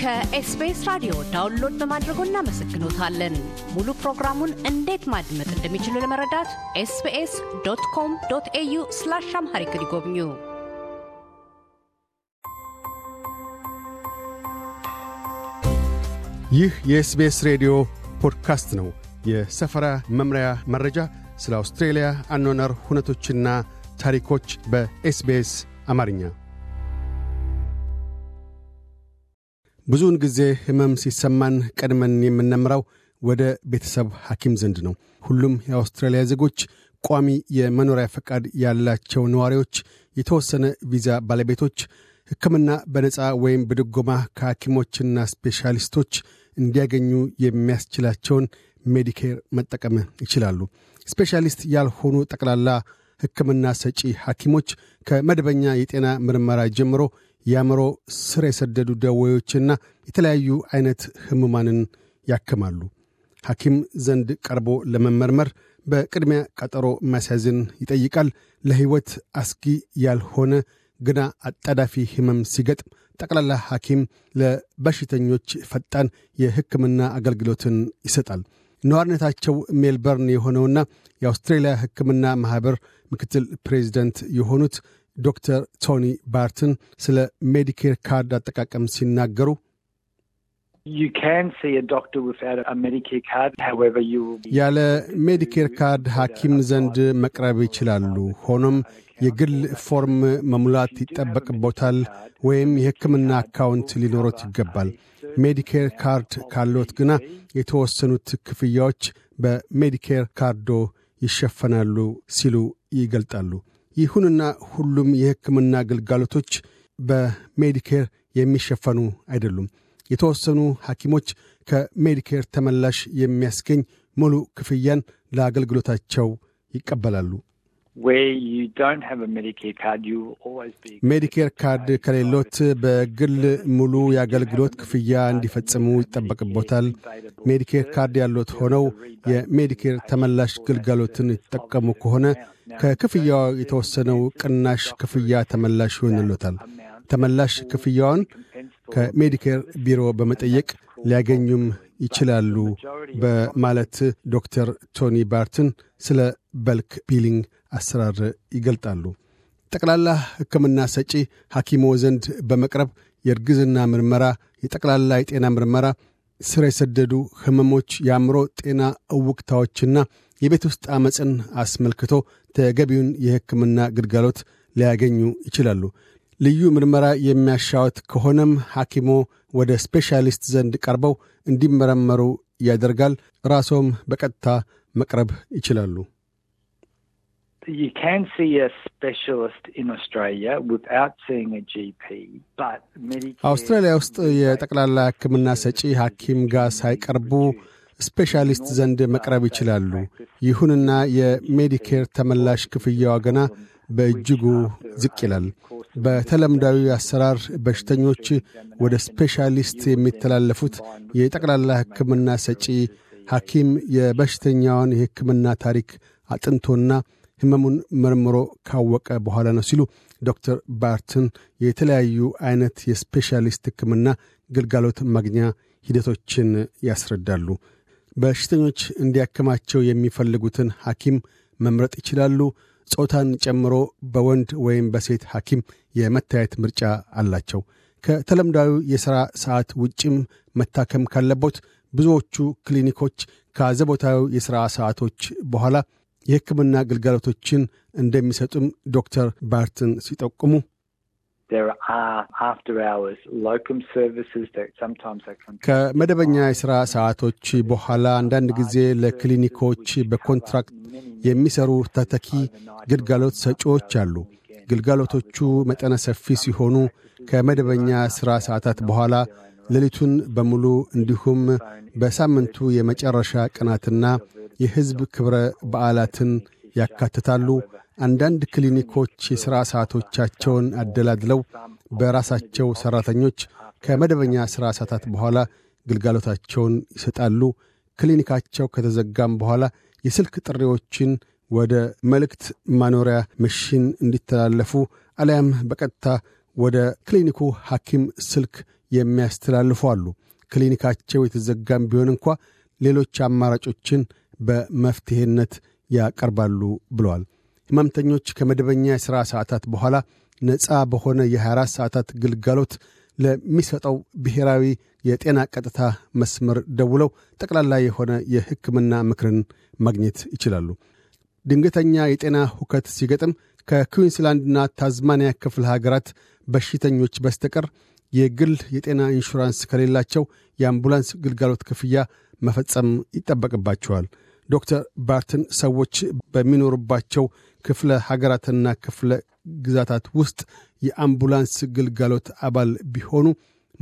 ከኤስቢኤስ ራዲዮ ዳውንሎድ በማድረጎ እናመሰግኖታለን። ሙሉ ፕሮግራሙን እንዴት ማድመጥ እንደሚችሉ ለመረዳት ኤስቢኤስ ዶት ኮም ዶት ኤዩ ስላሽ አምሃሪክ ይጎብኙ። ይህ የኤስቢኤስ ሬዲዮ ፖድካስት ነው። የሰፈራ መምሪያ መረጃ፣ ስለ አውስትሬልያ አኗኗር ሁነቶችና ታሪኮች በኤስቢኤስ አማርኛ ብዙውን ጊዜ ህመም ሲሰማን ቀድመን የምናምራው ወደ ቤተሰብ ሐኪም ዘንድ ነው። ሁሉም የአውስትራሊያ ዜጎች ቋሚ የመኖሪያ ፈቃድ ያላቸው ነዋሪዎች፣ የተወሰነ ቪዛ ባለቤቶች፣ ሕክምና በነፃ ወይም በድጎማ ከሐኪሞችና ስፔሻሊስቶች እንዲያገኙ የሚያስችላቸውን ሜዲኬር መጠቀም ይችላሉ። ስፔሻሊስት ያልሆኑ ጠቅላላ ሕክምና ሰጪ ሐኪሞች ከመደበኛ የጤና ምርመራ ጀምሮ የአእምሮ ስር የሰደዱ ደዌዎችና የተለያዩ አይነት ህሙማንን ያክማሉ። ሐኪም ዘንድ ቀርቦ ለመመርመር በቅድሚያ ቀጠሮ ማስያዝን ይጠይቃል። ለሕይወት አስጊ ያልሆነ ግና አጣዳፊ ሕመም ሲገጥም ጠቅላላ ሐኪም ለበሽተኞች ፈጣን የሕክምና አገልግሎትን ይሰጣል። ነዋሪነታቸው ሜልበርን የሆነውና የአውስትሬልያ ሕክምና ማኅበር ምክትል ፕሬዚደንት የሆኑት ዶክተር ቶኒ ባርትን ስለ ሜዲኬር ካርድ አጠቃቀም ሲናገሩ ያለ ሜዲኬር ካርድ ሐኪም ዘንድ መቅረብ ይችላሉ። ሆኖም የግል ፎርም መሙላት ይጠበቅቦታል ወይም የሕክምና አካውንት ሊኖሮት ይገባል። ሜዲኬር ካርድ ካሎት ግና የተወሰኑት ክፍያዎች በሜዲኬር ካርዶ ይሸፈናሉ ሲሉ ይገልጣሉ። ይሁንና ሁሉም የሕክምና አገልጋሎቶች በሜዲኬር የሚሸፈኑ አይደሉም። የተወሰኑ ሐኪሞች ከሜዲኬር ተመላሽ የሚያስገኝ ሙሉ ክፍያን ለአገልግሎታቸው ይቀበላሉ። ሜዲኬር ካርድ ከሌሎት በግል ሙሉ የአገልግሎት ክፍያ እንዲፈጽሙ ይጠበቅቦታል። ሜዲኬር ካርድ ያሎት ሆነው የሜዲኬር ተመላሽ ግልጋሎትን ይጠቀሙ ከሆነ ከክፍያው የተወሰነው ቅናሽ ክፍያ ተመላሽ ይሆንሎታል። ተመላሽ ክፍያውን ከሜዲኬር ቢሮ በመጠየቅ ሊያገኙም ይችላሉ በማለት ዶክተር ቶኒ ባርትን ስለ በልክ ቢሊንግ አሰራር ይገልጣሉ። ጠቅላላ ሕክምና ሰጪ ሐኪሞ ዘንድ በመቅረብ የእርግዝና ምርመራ፣ የጠቅላላ የጤና ምርመራ፣ ስር የሰደዱ ህመሞች፣ የአእምሮ ጤና እውቅታዎችና የቤት ውስጥ ዓመፅን አስመልክቶ ተገቢውን የሕክምና ግልጋሎት ሊያገኙ ይችላሉ። ልዩ ምርመራ የሚያሻወት ከሆነም ሐኪሞ ወደ ስፔሻሊስት ዘንድ ቀርበው እንዲመረመሩ ያደርጋል። ራስዎም በቀጥታ መቅረብ ይችላሉ። አውስትራሊያ ውስጥ የጠቅላላ ሕክምና ሰጪ ሐኪም ጋር ሳይቀርቡ ስፔሻሊስት ዘንድ መቅረብ ይችላሉ። ይሁንና የሜዲኬር ተመላሽ ክፍያዋ ገና በእጅጉ ዝቅ ይላል። በተለምዳዊ አሰራር በሽተኞች ወደ ስፔሻሊስት የሚተላለፉት የጠቅላላ ሕክምና ሰጪ ሐኪም የበሽተኛዋን የሕክምና ታሪክ አጥንቶና ህመሙን መርምሮ ካወቀ በኋላ ነው ሲሉ ዶክተር ባርትን የተለያዩ አይነት የስፔሻሊስት ሕክምና ግልጋሎት ማግኛ ሂደቶችን ያስረዳሉ። በሽተኞች እንዲያከማቸው የሚፈልጉትን ሐኪም መምረጥ ይችላሉ። ጾታን ጨምሮ በወንድ ወይም በሴት ሐኪም የመታየት ምርጫ አላቸው። ከተለምዳዊ የሥራ ሰዓት ውጭም መታከም ካለቦት ብዙዎቹ ክሊኒኮች ከዘቦታዊ የሥራ ሰዓቶች በኋላ የሕክምና ግልጋሎቶችን እንደሚሰጡም ዶክተር ባርትን ሲጠቁሙ ከመደበኛ የሥራ ሰዓቶች በኋላ አንዳንድ ጊዜ ለክሊኒኮች በኮንትራክት የሚሰሩ ተተኪ ግልጋሎት ሰጪዎች አሉ። ግልጋሎቶቹ መጠነ ሰፊ ሲሆኑ ከመደበኛ ሥራ ሰዓታት በኋላ ሌሊቱን በሙሉ እንዲሁም በሳምንቱ የመጨረሻ ቀናትና የሕዝብ ክብረ በዓላትን ያካትታሉ። አንዳንድ ክሊኒኮች የሥራ ሰዓቶቻቸውን አደላድለው በራሳቸው ሠራተኞች ከመደበኛ ሥራ ሰዓታት በኋላ ግልጋሎታቸውን ይሰጣሉ። ክሊኒካቸው ከተዘጋም በኋላ የስልክ ጥሪዎችን ወደ መልእክት ማኖሪያ መሽን እንዲተላለፉ አሊያም በቀጥታ ወደ ክሊኒኩ ሐኪም ስልክ የሚያስተላልፉ አሉ። ክሊኒካቸው የተዘጋም ቢሆን እንኳ ሌሎች አማራጮችን በመፍትሔነት ያቀርባሉ ብለዋል። ሕማምተኞች ከመደበኛ የሥራ ሰዓታት በኋላ ነፃ በሆነ የ24 ሰዓታት ግልጋሎት ለሚሰጠው ብሔራዊ የጤና ቀጥታ መስመር ደውለው ጠቅላላ የሆነ የሕክምና ምክርን ማግኘት ይችላሉ። ድንገተኛ የጤና ሁከት ሲገጥም ከኩዊንስላንድና ታዝማኒያ ክፍል ሀገራት በሽተኞች በስተቀር የግል የጤና ኢንሹራንስ ከሌላቸው የአምቡላንስ ግልጋሎት ክፍያ መፈጸም ይጠበቅባቸዋል። ዶክተር ባርትን ሰዎች በሚኖሩባቸው ክፍለ ሀገራትና ክፍለ ግዛታት ውስጥ የአምቡላንስ ግልጋሎት አባል ቢሆኑ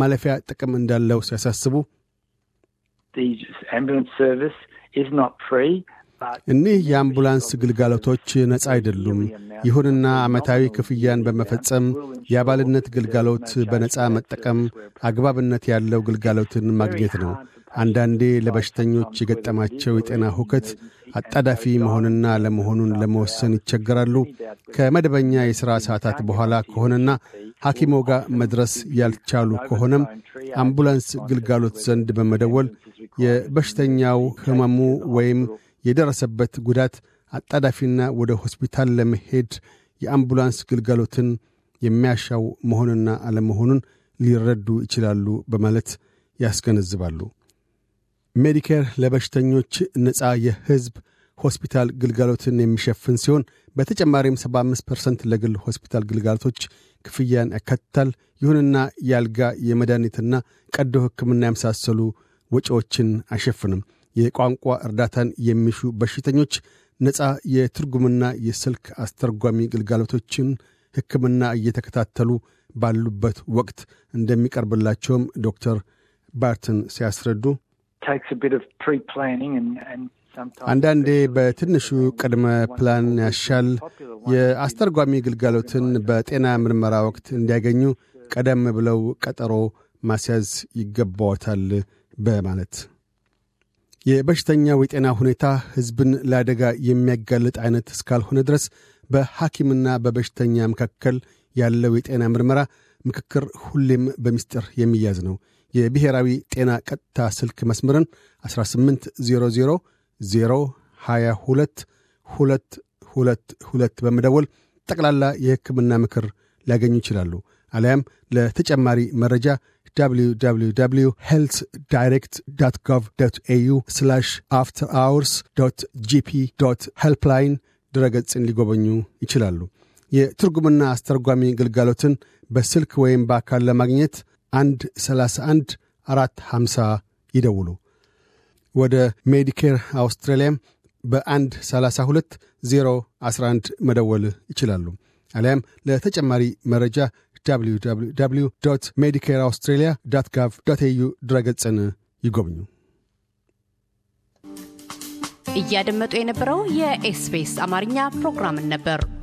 ማለፊያ ጥቅም እንዳለው ሲያሳስቡ እኒህ የአምቡላንስ ግልጋሎቶች ነፃ አይደሉም። ይሁንና ዓመታዊ ክፍያን በመፈጸም የአባልነት ግልጋሎት በነፃ መጠቀም አግባብነት ያለው ግልጋሎትን ማግኘት ነው። አንዳንዴ ለበሽተኞች የገጠማቸው የጤና ሁከት አጣዳፊ መሆንና ለመሆኑን ለመወሰን ይቸገራሉ። ከመደበኛ የሥራ ሰዓታት በኋላ ከሆነና ሐኪሞ ጋር መድረስ ያልቻሉ ከሆነም አምቡላንስ ግልጋሎት ዘንድ በመደወል የበሽተኛው ሕመሙ ወይም የደረሰበት ጉዳት አጣዳፊና ወደ ሆስፒታል ለመሄድ የአምቡላንስ ግልጋሎትን የሚያሻው መሆንና አለመሆኑን ሊረዱ ይችላሉ በማለት ያስገነዝባሉ። ሜዲኬር ለበሽተኞች ነፃ የህዝብ ሆስፒታል ግልጋሎትን የሚሸፍን ሲሆን በተጨማሪም 75 ፐርሰንት ለግል ሆስፒታል ግልጋሎቶች ክፍያን ያካትታል። ይሁንና የአልጋ የመድኃኒትና ቀዶ ህክምና የመሳሰሉ ወጪዎችን አይሸፍንም። የቋንቋ እርዳታን የሚሹ በሽተኞች ነፃ የትርጉምና የስልክ አስተርጓሚ ግልጋሎቶችን ህክምና እየተከታተሉ ባሉበት ወቅት እንደሚቀርብላቸውም ዶክተር ባርትን ሲያስረዱ አንዳንዴ በትንሹ ቅድመ ፕላን ያሻል። የአስተርጓሚ ግልጋሎትን በጤና ምርመራ ወቅት እንዲያገኙ ቀደም ብለው ቀጠሮ ማስያዝ ይገባዎታል በማለት የበሽተኛው የጤና ሁኔታ ሕዝብን ለአደጋ የሚያጋልጥ አይነት እስካልሆነ ድረስ በሐኪምና በበሽተኛ መካከል ያለው የጤና ምርመራ ምክክር ሁሌም በምስጢር የሚያዝ ነው። የብሔራዊ ጤና ቀጥታ ስልክ መስመርን 1800 በመደወል ጠቅላላ የሕክምና ምክር ሊያገኙ ይችላሉ። አሊያም ለተጨማሪ መረጃ www ሄልት ዳይሬክት ዶት ጎቭ ዶት ኤዩ አፍተር አውርስ ዶት ጂፒ ዶት ሄልፕላይን ድረገጽን ሊጎበኙ ይችላሉ። የትርጉምና አስተርጓሚ ግልጋሎትን በስልክ ወይም በአካል ለማግኘት 1 31 450 ይደውሉ። ወደ ሜዲኬር አውስትራሊያም በ1 32 011 መደወል ይችላሉ። አሊያም ለተጨማሪ መረጃ www ሜዲኬር አውስትሬሊያ ጋቭ ዳት ኤዩ ድረገጽን ይጎብኙ። እያደመጡ የነበረው የኤስቢኤስ አማርኛ ፕሮግራምን ነበር።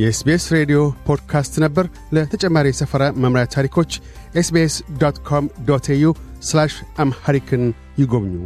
የኤስቤስ ሬዲዮ ፖድካስት ነበር። ለተጨማሪ ሰፈራ መምሪያ ታሪኮች ኤስቤስ ዶት ኮም ዶት ኤዩ አምሐሪክን ይጎብኙ።